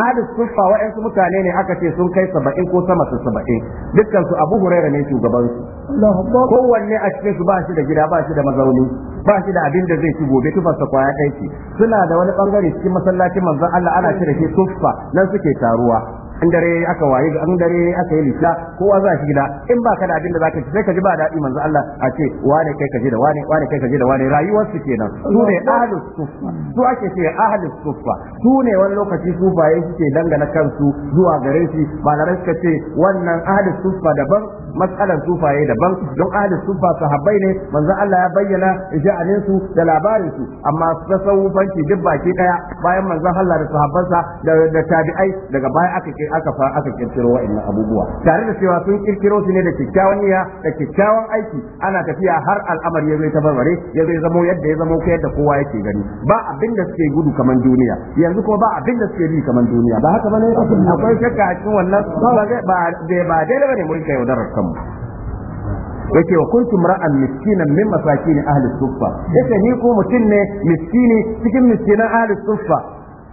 ahli suffa su mutane ne aka ce sun kai saba'in ko sama su saba'in dukkan su abu huraira ne shugaban su kowanne a cikin su ba shi da gida ba shi da mazauni ba shi da abin da zai ci gobe sa kwaya ɗaya suna da wani bangare cikin masallacin manzon Allah ana cire da ke nan suke taruwa in dare aka waye in dare aka yi lissa kowa za shi gida in ba ka da abin da zaka ci sai ka ji ba daɗi manzo Allah a ce wane kai ka je da wane wane kai ka je da wane rayuwar su kenan su ne ahlus sufa su ake ce ahlus sufa su ne wani lokaci sufaye suke dangana kansu zuwa gare shi malamai suka ce wannan ahlus sufa daban matsalar sufaye daban don ahli sufa sahabbai ne manzon Allah ya bayyana sha'anin su da labarin su amma tasawufanci duk baki daya bayan manzon Allah da sahabbansa da da tabi'ai daga baya aka aka aka kirkiro wa'annan abubuwa tare da cewa sun kirkiro su ne da kyakkyawan niyya da kyakkyawan aiki ana tafiya har al'amari ya zai tabarbare ya zai zamo yadda ya zamo kai yadda kowa yake gani ba abin da suke gudu kamar duniya yanzu kuma ba abin da suke bi kamar duniya ba haka bane akwai shakka a cikin wannan ba ba ba dai bane mun kai yaudarar kanmu yake wa kuntum ra'an miskina min masakin ahli suffa yake ni ko mutum ne miskini cikin miskinan ahli suffa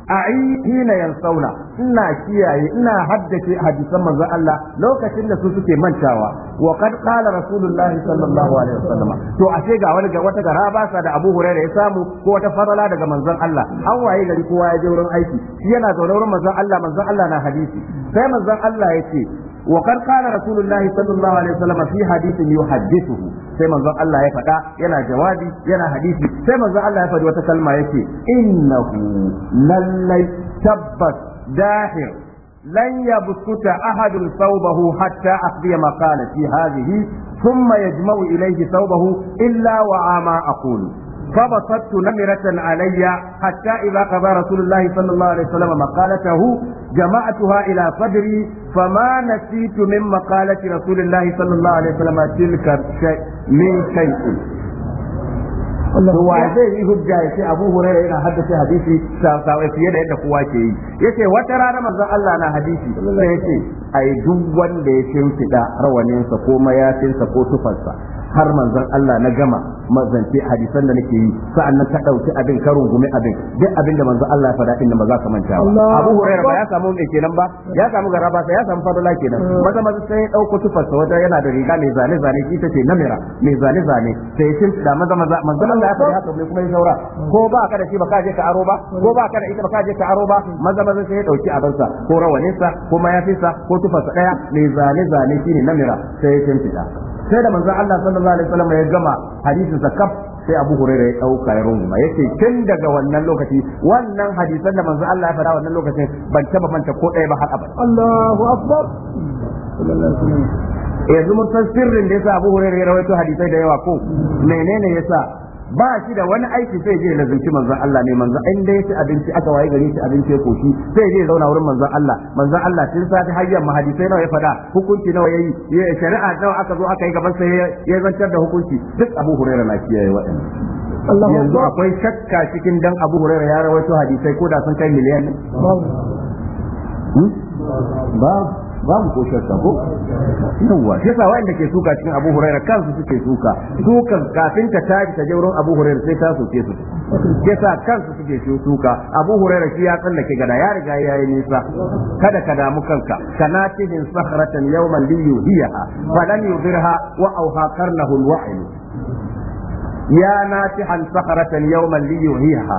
yi hina yansauna ina kiyaye ina haddace hadisan manzon Allah lokacin da su suke mantawa wa kad qala rasulullah sallallahu alaihi wasallam to ashe ga wani ga wata gara ba sa da Abu Hurairah ya samu ko wata farala daga manzon Allah an waye gari kowa ya je wurin aiki shi yana zaune wurin manzon Allah manzon Allah na hadisi sai manzon Allah ya ce وقد قال رسول الله صلى الله عليه وسلم في حديث يحدثه sai manzon Allah ya faɗa yana jawabi yana hadisi sai manzon Allah ya faɗi wata kalma yace innahu lallai tabbas dahir lan yabsuta ahadun thawbahu hatta aqdiya maqalati hadhihi thumma ilaihi, ilayhi thawbahu illa wa a aqulu فبسطت نمرة علي حتى إذا قضى رسول الله صلى الله عليه وسلم مقالته جمعتها إلى صدري فما نسيت من مقالة رسول الله صلى الله عليه وسلم تلك شيء من شيء هو zai yi hujja ya ce abu huraira yana haddace hadisi sawai fiye da yadda kowa ke yi yace wata rana manzon Allah na hadisi sai yace ai duk wanda ya shimfida rawaninsa ko mayafinsa ko tufarsa har manzon Allah na gama mazance hadisan da nake yi sa'annan ka dauki abin ka rungume abin duk abin da manzon Allah ya faɗa din nan ba za ka manta ba Abu Hurairah ba ya samu me kenan ba ya samu garaba ya samu fadala kenan hmm. maza maza sai ya dauko tufarsa wata yana da riga mai zane zane shi ce namira mai zane zane sai shin da maza maza manzon Allah ya faɗa haka ne kuma ya saura hmm. ko ba ka da shi ba ka je ka aro ba ko ba ka da ita ba ka je ka aro ba hmm. maza maza sai ya dauki sa ko rawaninsa ko sa ko tufarsa daya mai zane zane shine namira sai ya shimfida sai da manzon Allah sallallahu alaihi wasallam ya gama hadisin sa kaf sai Abu Hurairah ya dauka ya runguma yace tun daga wannan lokaci wannan hadisan da manzon Allah ya faɗa wannan lokacin ban taba manta ko ɗaya ba har abada Allahu akbar yanzu mun san sirrin da yasa Abu Hurairah ya rawaito hadisai da yawa ko menene yasa ba shi da wani aiki sai je lazumci manzan Allah ne manzon in ya ci abinci aka waye gari ci abinci ya koshi sai je zauna wurin manzan Allah manzon Allah tun sati hajjan mahadisai nawa ya fada hukunci nawa yayi shari'a nawa aka zo aka yi gaban sai ya zantar da hukunci duk Abu Hurairah na kiyaye wa'in yanzu akwai shakka cikin dan Abu Hurairah ya rawaito hadisai ko da sun kai miliyan ne hmm? babu ko shakka ko yawa shi yasa wanda ke suka cikin Abu Hurairah kansu suke suka sukan kafin ta tafi ta je wurin Abu Hurairah sai ta soke su yasa kansu suke suka Abu Hurairah shi ya tsallake gada ya riga ya yi nisa kada ka damu kanka kana tihin sahratan yawman li yuhiyaha falam yudhirha wa awha qarnahu al-wahyu ya natihan sahratan yawman li yuhiyaha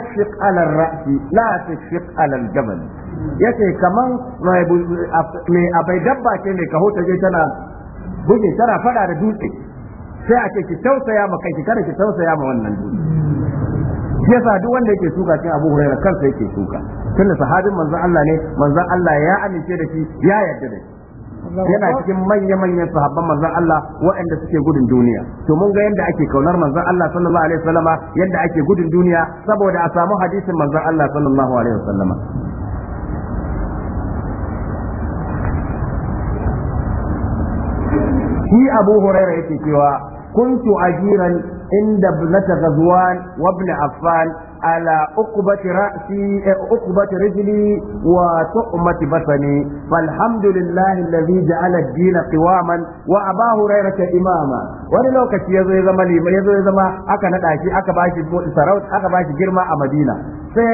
ashfiq ala ar-ra's la tashfiq ala al-jabal Yake kaman mai abai dabba ce mai kaho ta je tana buge tana fada da dutse sai a ce ki tausaya ma kai ki kada ki tausaya ma wannan dutse yasa duk wanda yake suka cin Abu Hurairah kansa yake suka da sahabin manzon Allah ne manzon Allah ya amince da shi ya yarda da shi yana cikin manya-manyan sahabban manzon Allah waɗanda suke gudun duniya to mun ga yadda ake kaunar manzon Allah sallallahu alaihi wasallama yadda ake gudun duniya saboda a samu hadisin manzon Allah sallallahu alaihi wasallama shi abu huraira yake cewa kuntu ajiran inda ibnata ghazwan wa ibn affan على عقبة رأسي عقبة رجلي وتؤمة بطني فالحمد لله الذي جعل الدين قواما وأبا هريرة إماما wani lokaci ya zo ya zama liman ya ya zama aka naɗa shi aka bashi aka bashi girma a madina sai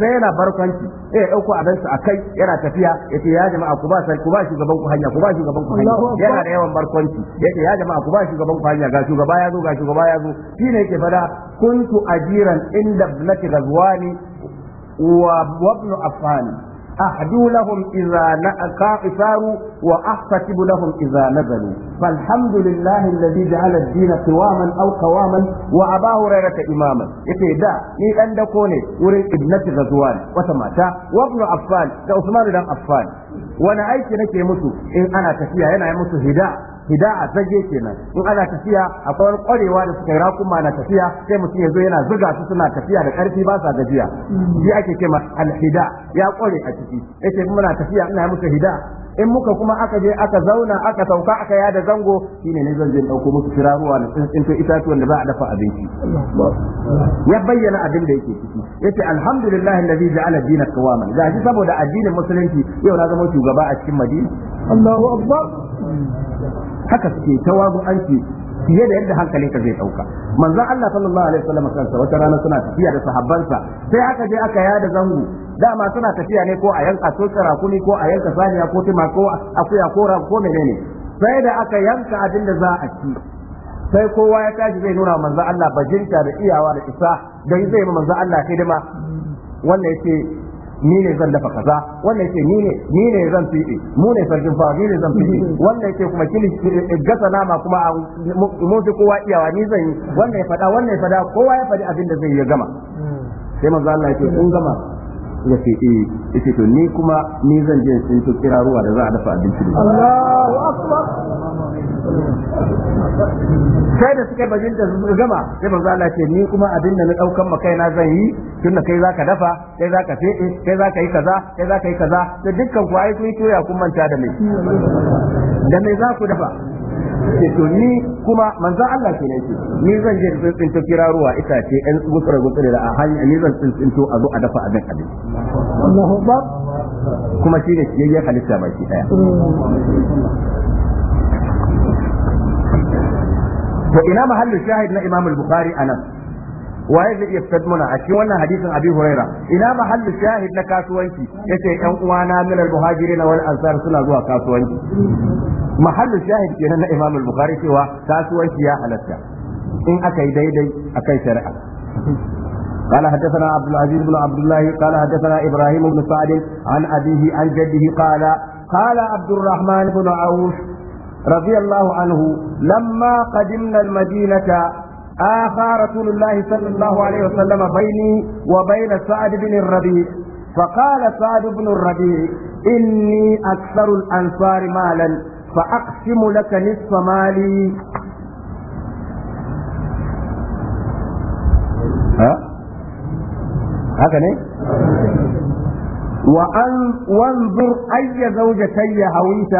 sai yana barkwanci sai ya dauko abin a kai yana tafiya ce ya jama'a ku ba sai ku ba shugaban ku hanya ku ba shugaban ku hanya yana da yawan barkwanci ce ya jama'a ku ba shugaban ku hanya ga shugaba ya zo ga shugaba ya zo ne yake fada kuntu ajiran inda ibnati ghazwani wa ibn affan أحدوا لهم إذا ساروا وأحتسب لهم إذا نزلوا فالحمد لله الذي جعل الدين قواما أو قواما وأبا هريرة إماما إيه دا ني أن دكوني ورين ابنة غزوان وتماتا وابن عفان دا عثمان بن عفان wani aiki nake musu in ana tafiya yana yi musu hida a zage kenan in ana tafiya akwai wani kwarewa da suka rakuma na tafiya sai mutum ya zo yana zuga su suna tafiya da karfi ba sa gajiya shi ake kema alhida ya kware a ciki yace muna tafiya ina musu hida in muka kuma aka je aka zauna aka sauka aka yada zango shine ne zan je dauko musu firaruwa na tsuntsunto itatuwan da za a dafa abinci ya bayyana abin da yake ciki yace alhamdulillah alladhi ja'ala dinan qawaman gashi saboda addinin musulunci yau na zama shugaba a cikin madina Allahu akbar haka suke anki fiye da yadda hankalinka zai dauka manzon Allah sallallahu alaihi wasallam kansa wata rana suna tafiya da sahabbansa sai aka je aka yada zango dama suna tafiya ne ko a yanka tsotsa kuni ko a yanka saniya ko tima ko akuya ko ko menene sai da aka yanka abin da za a ci sai kowa ya tashi zai nuna manzon Allah bajinta da iyawa da isa don zai ma manzon Allah hidima wannan yace ni ne zan dafa kaza wannan yake ni ne ni ne zan fiɗe mu ne sarkin fawa ni ne zan fiɗe wannan yake kuma kili gasa nama kuma mu fi kowa iyawa ni zan yi wannan ya faɗa wannan ya faɗa kowa ya faɗi abin da zai ya gama hmm. sai manzo Allah yake kun gama ya ce eh. yake to ni kuma ni zan je in to kira ruwa da za a dafa abinci Allahu akbar sai da suka bajinta su gama sai manzo Allah ce ni kuma abin da na daukan makaina zan yi tunda kai ka dafa kai ka fede kai ka yi kaza kai ka yi kaza da dukkan ku ai kun toya kun manta da mai da mai za ku dafa to ni kuma manzon Allah ke nake ni zan je in tsinto kiraruwa itace ɗan gutsura gutsura da a hanya ni zan tsinto a zo a dafa abin abin Allahu Akbar kuma shi ne halitta baki daya to ina mahallin shahid na Imam al-Bukhari anan waye zai iya fitar mana a cikin wannan hadisin abi huraira ina mahallu shahid na kasuwanci yace yan uwana min al na wal ansar suna zuwa kasuwanci mahallu shahid kenan na imam al-bukhari cewa kasuwanci ya halatta in aka yi daidai akan shari'a قال حدثنا عبد العزيز بن عبد الله قال حدثنا ابراهيم بن سعد عن ابيه عن جده قال قال عبد الرحمن بن عوف رضي الله عنه لما قدمنا المدينه آخى رسول الله صلى الله عليه وسلم بيني وبين سعد بن الربيع فقال سعد بن الربيع إني أكثر الأنصار مالا فأقسم لك نصف مالي ها هكذا وأن وانظر أي زوجتي هويت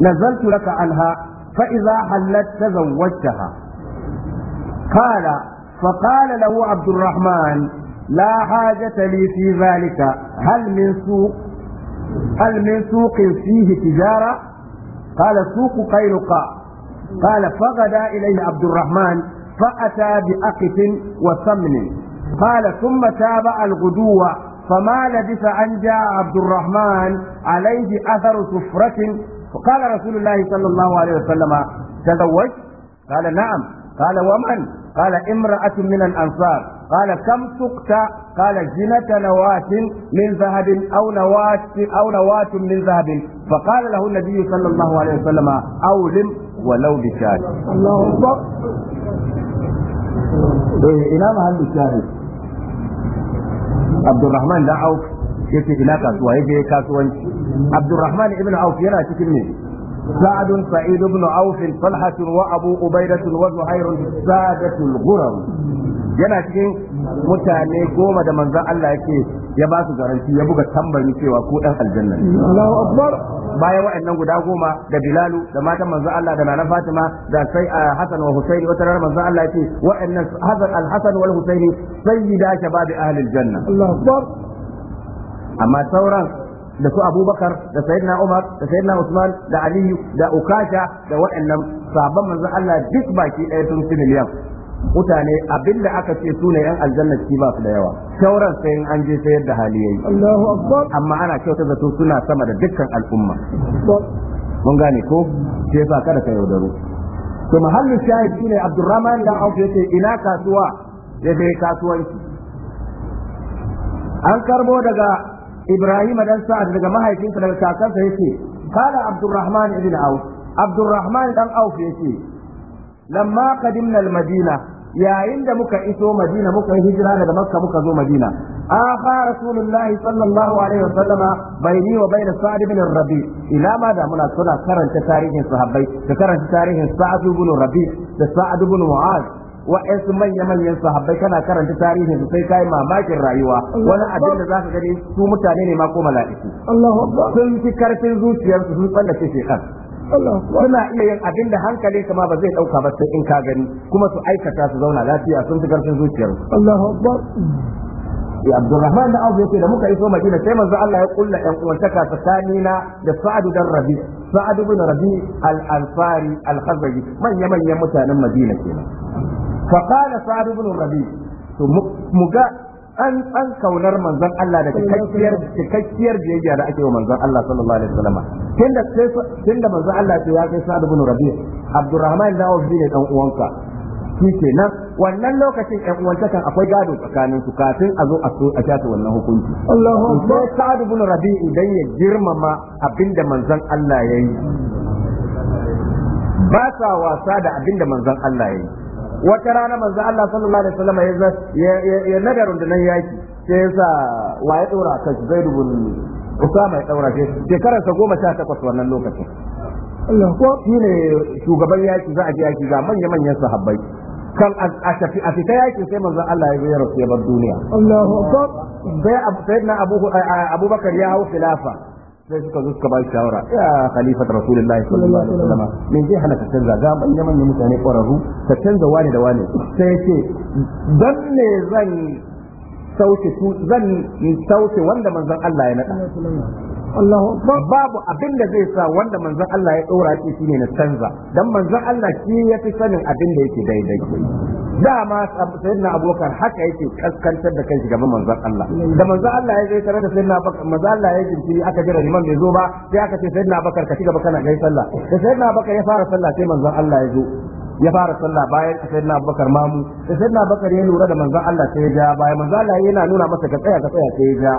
نزلت لك عنها فإذا حلت تزوجتها قال فقال له عبد الرحمن لا حاجة لي في ذلك هل من سوق هل من سوق فيه تجارة قال سوق قينقاع قال فغدا إليه عبد الرحمن فأتى بأقف وسمن قال ثم تابع الغدو فما لبث أن جاء عبد الرحمن عليه أثر سفرة فقال رسول الله صلى الله عليه وسلم تزوج قال نعم قال ومن قال امرأة من الأنصار قال كم سقت قال زنة نواة من ذهب أو نواة أو نواة من ذهب فقال له النبي صلى الله عليه وسلم أولم ولو بشاة الله أكبر إلى محل الشاهد عبد الرحمن لا عوف yake ina kasuwa yake kasuwanci Abdurrahman ibn Auf yana cikin ne سعد سعيد بن عوف طلحة وأبو عبيدة وزهير سادة الغرم yana cikin mutane goma da manzan Allah yake ya ba su garanti ya buga tambari cewa ko ɗan aljanna ne Allahu akbar bayan wa'annan guda goma da Bilalu da matan manzan Allah da Nana Fatima da sai a Hassan wa Husaini wata ranar manzan Allah yake wa'annan Hazar al-Hasan wal Husaini sayyida shabab ahli aljanna Allahu akbar amma sauran da su abubakar da sayyidina umar da sayyidina usman da aliyu da ukasha da waɗannan sabon manzon Allah duk baki ɗaya sun ci miliyan mutane abinda aka ce su ne yan aljanna ci ba su da yawa shauran sai in an je sayar da hali yayi Allahu amma ana kyauta zato suna sama da dukkan al'umma mun gane ko sai ba kada ka yaudaro to mahallin shahid shine Abdurrahman da Auf yace ina kasuwa yace kasuwanci an karbo daga Ibrahim dan Sa'ad daga mahaifinsa daga kakansa ce, kala Abdurrahman ibn Auf Abdurrahman dan Auf yake lamma qadimna al-Madina yayin da muka iso Madina muka yi hijira daga Makka muka zo Madina afa Rasulullahi sallallahu alaihi wasallam baini wa baina Sa'ad ibn Rabi ila ma da muna suna karanta tarihin sahabbai da karanta tarihin Sa'ad ibn Rabi da Sa'ad ibn Mu'adh wa'ansu manya-manyan sahabbai kana karanta tarihin sai kai mamakin rayuwa wani abin da zaka gani su mutane ne ma ko mala'iku sun fi karfin zuciyarsu sun tsallake shekar suna iya yin abin da hankali kama ba zai dauka ba sai in ka gani kuma su aikata su zauna lafiya sun fi karfin zuciyarsu Allahu akbar ya Abdurrahman da Abu yake da muka iso Madina sai manzo Allah ya kulla ɗan uwantaka tsakanina da Sa'ad dan Rabi Sa'ad ibn Rabi al-Ansari al-Khazraji manya manyan mutanen Madina kenan فقال سعد بن الربيع مجا an an kaunar manzon Allah da cikakkiyar cikakkiyar biyayya da ake wa الله Allah sallallahu alaihi وسلم tunda sai tunda الله Allah ya kai بن الربيع عبد الرحمن da Auf ne dan uwanka nan, wannan lokacin ɗan kan akwai gado tsakanin su kafin a zo a so a shata wannan hukunci Allahu Akbar Sa'd ibn Rabi' idan ya girmama abinda manzon Allah yayi ba sa wasa da abinda manzon Allah yayi wata rana manzo Allah sallallahu alaihi wasallam ya da rundunar yaki sai ya sa waye dora ka Zaid ibn Usama ya daura shi shekarar sa takwas wannan lokacin Allah ko shine shugaban yaki za a ji yaki ga manya manyan sahabbai kan a tafi a fita yaki sai manzo Allah ya yi rasu ya bar duniya Allahu akbar sai Abu eh, Abubakar ya hau filafa. sai suka zo suka ba shi shawara ya khalifat rasulullahi sallallahu alaihi wasallam min zai hana ka canza ga manyan manyan mutane ƙwararru ka canza wani da wani sai ce dan ne zan sauke zan sauke wanda manzon Allah ya nada babu abin da zai sa wanda manzon Allah ya dora shi shine na canza dan manzon Allah shi ya fi sanin abin da yake daidai dama sayyidina abubakar haka yake kaskantar da kanshi gaban manzon Allah da manzon Allah ya je tare da sayyidina abubakar manzon Allah ya jinkiri aka jira liman bai zo ba sai aka ce sayyidina abubakar ka shiga kana gai sallah da sayyidina abubakar ya fara sallah sai manzon Allah ya zo ya fara sallah bayan sayyidina abubakar mamu da sayyidina abubakar ya lura da manzon Allah sai ya ja bayan manzon Allah yana nuna masa ka tsaya ka tsaya sai ya ja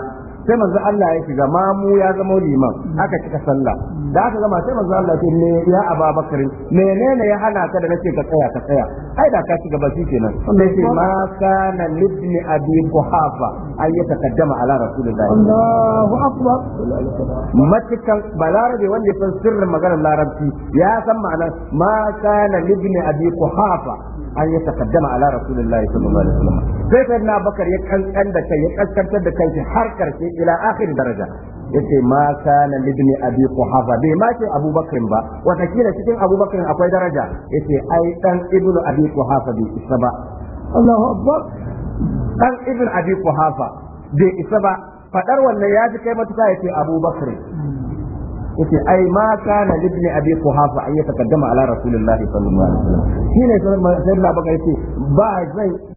sai manzo Allah ya shiga mu ya zama liman aka cika sallah da aka gama sai manzo Allah ya ce me ya Ababakar menene ya hana ka da nace ka tsaya ka tsaya ai da ka ci gaba shi kenan wanda yace ma kana libn abi quhafa ay yatakaddama ala rasulillahi Allahu akbar matikan balarabe wanda ya san sirrin maganar larabci ya san ma'ana ma kana libn abi quhafa an ya takaddama ala rasulullahi sallallahu alaihi wasallam sai sayyidina bakar ya kankan da kai ya kaskantar da kai har karshe ila akhir daraja yace ma kana ibn abi quhafa bai ma ce abubakar ba watakila cikin abubakar akwai daraja yace ai dan ibn abi quhafa bai isa ba Allahu akbar dan ibn abi quhafa bai isa ba fadar wannan ya ji kai matuka yace abubakar yace ai ma kana ibn abi quhafa an yatakaddama ala rasulullahi sallallahu alaihi wasallam shine sai Allah baka yace ba zai